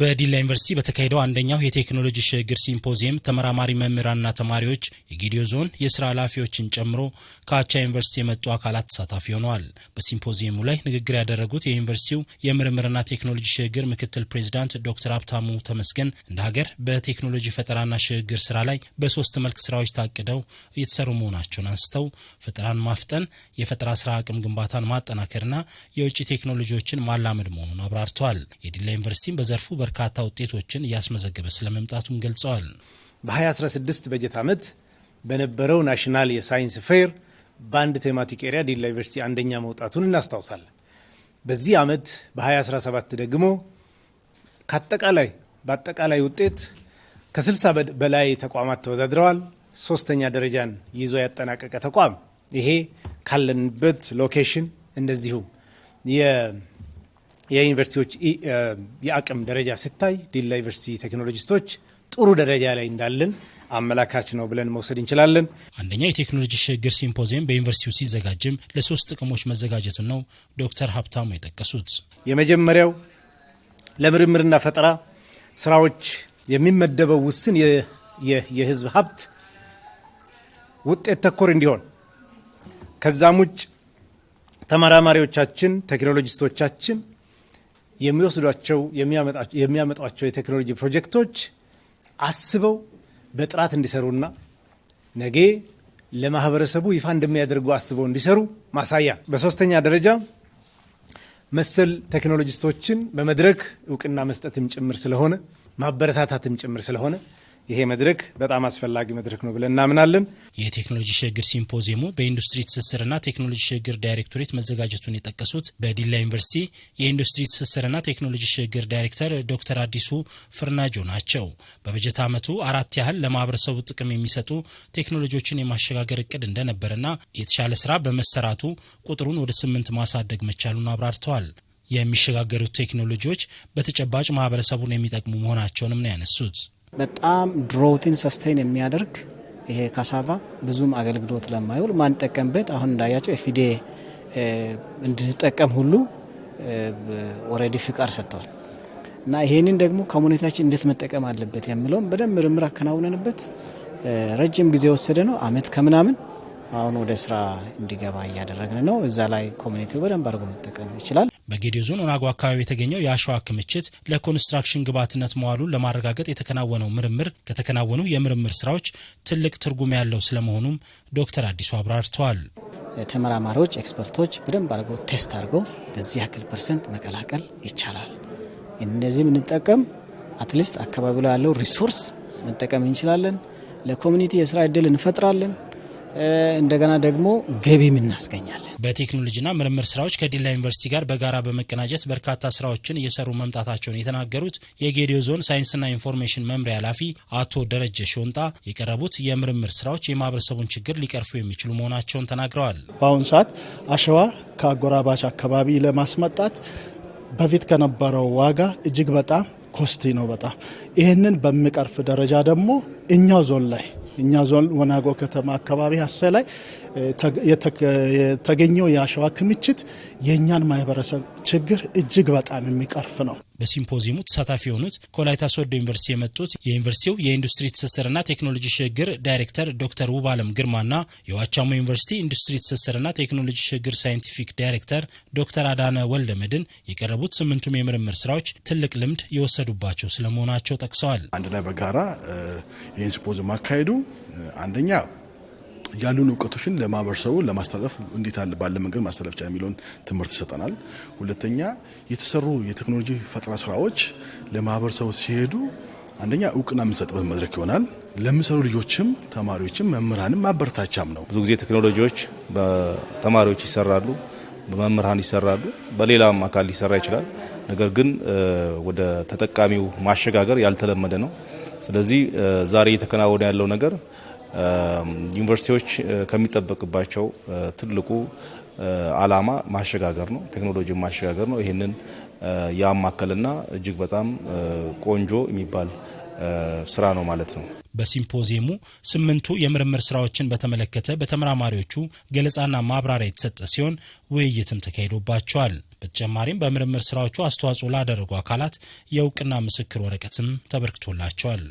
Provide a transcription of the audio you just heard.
በዲላ ዩኒቨርሲቲ በተካሄደው አንደኛው የቴክኖሎጂ ሽግግር ሲምፖዚየም ተመራማሪ መምህራንና ተማሪዎች የጌዲዮ ዞን የስራ ኃላፊዎችን ጨምሮ ከአቻ ዩኒቨርሲቲ የመጡ አካላት ተሳታፊ ሆነዋል። በሲምፖዚየሙ ላይ ንግግር ያደረጉት የዩኒቨርሲቲው የምርምርና ቴክኖሎጂ ሽግግር ምክትል ፕሬዚዳንት ዶክተር ሀብታሙ ተመስገን እንደ ሀገር በቴክኖሎጂ ፈጠራና ሽግግር ስራ ላይ በሶስት መልክ ስራዎች ታቅደው እየተሰሩ መሆናቸውን አንስተው ፈጠራን ማፍጠን፣ የፈጠራ ስራ አቅም ግንባታን ማጠናከርና የውጭ ቴክኖሎጂዎችን ማላመድ መሆኑን አብራርተዋል። የዲላ ዩኒቨርሲቲም በዘርፉ በርካታ ውጤቶችን እያስመዘገበ ስለመምጣቱም ገልጸዋል። በ2016 በጀት ዓመት በነበረው ናሽናል የሳይንስ ፌር በአንድ ቴማቲክ ኤሪያ ዲላ ዩኒቨርሲቲ አንደኛ መውጣቱን እናስታውሳለን። በዚህ ዓመት በ2017 ደግሞ ከአጠቃላይ በአጠቃላይ ውጤት ከ60 በላይ ተቋማት ተወዳድረዋል። ሶስተኛ ደረጃን ይዞ ያጠናቀቀ ተቋም ይሄ ካለንበት ሎኬሽን እንደዚሁም የዩኒቨርሲቲዎች የአቅም ደረጃ ስታይ ዲላ ዩኒቨርሲቲ ቴክኖሎጂስቶች ጥሩ ደረጃ ላይ እንዳለን አመላካች ነው ብለን መውሰድ እንችላለን። አንደኛ የቴክኖሎጂ ሽግግር ሲምፖዚየም በዩኒቨርሲቲው ሲዘጋጅም ለሶስት ጥቅሞች መዘጋጀቱን ነው ዶክተር ሀብታሙ የጠቀሱት። የመጀመሪያው ለምርምርና ፈጠራ ስራዎች የሚመደበው ውስን የህዝብ ሀብት ውጤት ተኮር እንዲሆን ከዛም ውጭ ተመራማሪዎቻችን ቴክኖሎጂስቶቻችን የሚወስዷቸው የሚያመጧቸው የቴክኖሎጂ ፕሮጀክቶች አስበው በጥራት እንዲሰሩና ነገ ለማህበረሰቡ ይፋ እንደሚያደርጉ አስበው እንዲሰሩ ማሳያ። በሶስተኛ ደረጃ መሰል ቴክኖሎጂስቶችን በመድረክ እውቅና መስጠትም ጭምር ስለሆነ ማበረታታትም ጭምር ስለሆነ ይሄ መድረክ በጣም አስፈላጊ መድረክ ነው ብለን እናምናለን። የቴክኖሎጂ ሽግግር ሲምፖዚየሙ በኢንዱስትሪ ትስስርና ቴክኖሎጂ ሽግግር ዳይሬክቶሬት መዘጋጀቱን የጠቀሱት በዲላ ዩኒቨርሲቲ የኢንዱስትሪ ትስስርና ቴክኖሎጂ ሽግግር ዳይሬክተር ዶክተር አዲሱ ፍርናጆ ናቸው። በበጀት ዓመቱ አራት ያህል ለማህበረሰቡ ጥቅም የሚሰጡ ቴክኖሎጂዎችን የማሸጋገር እቅድ እንደነበረና የተሻለ ስራ በመሰራቱ ቁጥሩን ወደ ስምንት ማሳደግ መቻሉን አብራርተዋል። የሚሸጋገሩት ቴክኖሎጂዎች በተጨባጭ ማህበረሰቡን የሚጠቅሙ መሆናቸውንም ነው ያነሱት። በጣም ድሮውቲን ሰስቴን የሚያደርግ ይሄ ካሳቫ ብዙም አገልግሎት ለማይውል ማንጠቀምበት አሁን እንዳያቸው ፊዴ እንድንጠቀም ሁሉ ኦልሬዲ ፍቃድ ሰጥተዋል እና ይሄንን ደግሞ ኮሚኒቲያችን እንዴት መጠቀም አለበት የምለውም በደንብ ምርምር አከናውነንበት ረጅም ጊዜ የወሰደ ነው። አመት ከምናምን አሁን ወደ ስራ እንዲገባ እያደረግን ነው። እዛ ላይ ኮሚኒቲው በደንብ አድርጎ መጠቀም ይችላል። በጌዲዮ ዞን ወናጎ አካባቢ የተገኘው የአሸዋ ክምችት ለኮንስትራክሽን ግብዓትነት መዋሉን ለማረጋገጥ የተከናወነው ምርምር ከተከናወኑ የምርምር ስራዎች ትልቅ ትርጉም ያለው ስለመሆኑም ዶክተር አዲሱ አብራርተዋል። ተመራማሪዎች፣ ኤክስፐርቶች በደንብ አድርገው ቴስት አድርገው በዚህ ያክል ፐርሰንት መቀላቀል ይቻላል። እነዚህ የምንጠቀም አትሊስት አካባቢ ላይ ያለው ሪሶርስ መጠቀም እንችላለን። ለኮሚኒቲ የስራ እድል እንፈጥራለን። እንደገና ደግሞ ገቢም እናስገኛለን። በቴክኖሎጂና ምርምር ስራዎች ከዲላ ዩኒቨርሲቲ ጋር በጋራ በመቀናጀት በርካታ ስራዎችን እየሰሩ መምጣታቸውን የተናገሩት የጌዲዮ ዞን ሳይንስና ኢንፎርሜሽን መምሪያ ኃላፊ አቶ ደረጀ ሾንጣ የቀረቡት የምርምር ስራዎች የማህበረሰቡን ችግር ሊቀርፉ የሚችሉ መሆናቸውን ተናግረዋል። በአሁኑ ሰዓት አሸዋ ከአጎራባች አካባቢ ለማስመጣት በፊት ከነበረው ዋጋ እጅግ በጣም ኮስቲ ነው። በጣም ይህንን በሚቀርፍ ደረጃ ደግሞ እኛው ዞን ላይ እኛ ዞን ወናጎ ከተማ አካባቢ ሀሴ ላይ የተገኘው የአሸዋ ክምችት የእኛን ማህበረሰብ ችግር እጅግ በጣም የሚቀርፍ ነው። በሲምፖዚየሙ ተሳታፊ የሆኑት ከወላይታ ሶዶ ዩኒቨርሲቲ የመጡት የዩኒቨርሲቲው የኢንዱስትሪ ትስስርና ቴክኖሎጂ ሽግግር ዳይሬክተር ዶክተር ውባለም ግርማና የዋቻሞ ዩኒቨርሲቲ ኢንዱስትሪ ትስስርና ቴክኖሎጂ ሽግግር ሳይንቲፊክ ዳይሬክተር ዶክተር አዳነ ወልደመድን የቀረቡት ስምንቱም የምርምር ስራዎች ትልቅ ልምድ የወሰዱባቸው ስለመሆናቸው ጠቅሰዋል። አንድ ላይ በጋራ ይህን ሲምፖዚየም አካሄዱ አንደኛ ያሉን እውቀቶችን ለማህበረሰቡ ለማስተላለፍ እንዴት አለ ባለ መንገድ ማስተላለፍ የሚለውን ትምህርት ይሰጠናል። ሁለተኛ የተሰሩ የቴክኖሎጂ ፈጠራ ስራዎች ለማህበረሰቡ ሲሄዱ አንደኛ እውቅና የምንሰጥበት መድረክ ይሆናል። ለምሰሩ ልጆችም ተማሪዎችም መምህራንም ማበረታቻም ነው። ብዙ ጊዜ ቴክኖሎጂዎች በተማሪዎች ይሰራሉ፣ በመምህራን ይሰራሉ፣ በሌላም አካል ሊሰራ ይችላል። ነገር ግን ወደ ተጠቃሚው ማሸጋገር ያልተለመደ ነው። ስለዚህ ዛሬ እየተከናወነ ያለው ነገር ዩኒቨርሲቲዎች ከሚጠበቅባቸው ትልቁ ዓላማ ማሸጋገር ነው፣ ቴክኖሎጂ ማሸጋገር ነው። ይህንን ያማከልና እጅግ በጣም ቆንጆ የሚባል ስራ ነው ማለት ነው። በሲምፖዚየሙ ስምንቱ የምርምር ስራዎችን በተመለከተ በተመራማሪዎቹ ገለጻና ማብራሪያ የተሰጠ ሲሆን ውይይትም ተካሂዶባቸዋል። በተጨማሪም በምርምር ስራዎቹ አስተዋጽኦ ላደረጉ አካላት የእውቅና ምስክር ወረቀትም ተበርክቶላቸዋል።